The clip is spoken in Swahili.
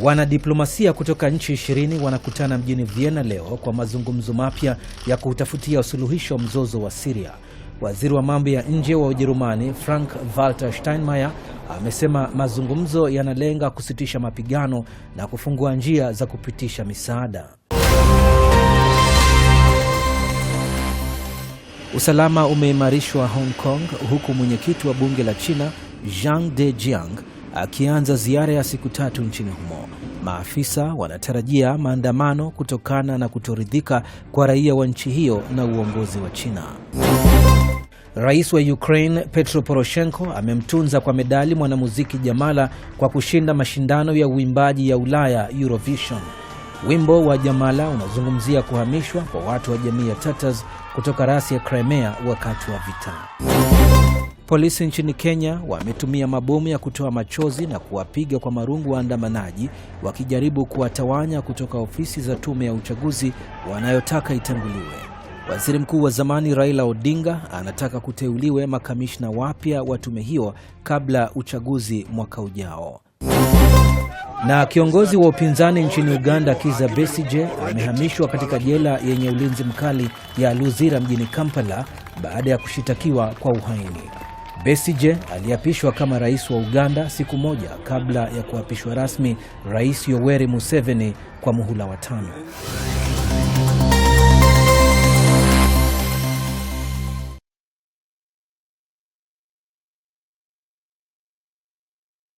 Wanadiplomasia kutoka nchi ishirini wanakutana mjini Vienna leo kwa mazungumzo mapya ya kutafutia usuluhisho wa mzozo wa Siria. Waziri wa mambo ya nje wa Ujerumani Frank Walter Steinmeier amesema mazungumzo yanalenga kusitisha mapigano na kufungua njia za kupitisha misaada. Usalama umeimarishwa Hong Kong huku mwenyekiti wa bunge la China Zhang Dejiang akianza ziara ya siku tatu nchini humo. Maafisa wanatarajia maandamano kutokana na kutoridhika kwa raia wa nchi hiyo na uongozi wa China. Rais wa Ukraine Petro Poroshenko amemtunza kwa medali mwanamuziki Jamala kwa kushinda mashindano ya uimbaji ya Ulaya Eurovision. Wimbo wa Jamala unazungumzia kuhamishwa kwa watu wa jamii ya Tatars kutoka rasi ya Crimea wakati wa vita. Polisi nchini Kenya wametumia mabomu ya kutoa machozi na kuwapiga kwa marungu waandamanaji wakijaribu kuwatawanya kutoka ofisi za tume ya uchaguzi wanayotaka itanguliwe. Waziri Mkuu wa zamani Raila Odinga anataka kuteuliwe makamishna wapya wa tume hiyo kabla uchaguzi mwaka ujao. Na kiongozi wa upinzani nchini Uganda Kizza Besigye amehamishwa katika jela yenye ulinzi mkali ya Luzira mjini Kampala baada ya kushitakiwa kwa uhaini. Besije aliapishwa kama rais wa Uganda siku moja kabla ya kuapishwa rasmi Rais Yoweri Museveni kwa muhula wa tano.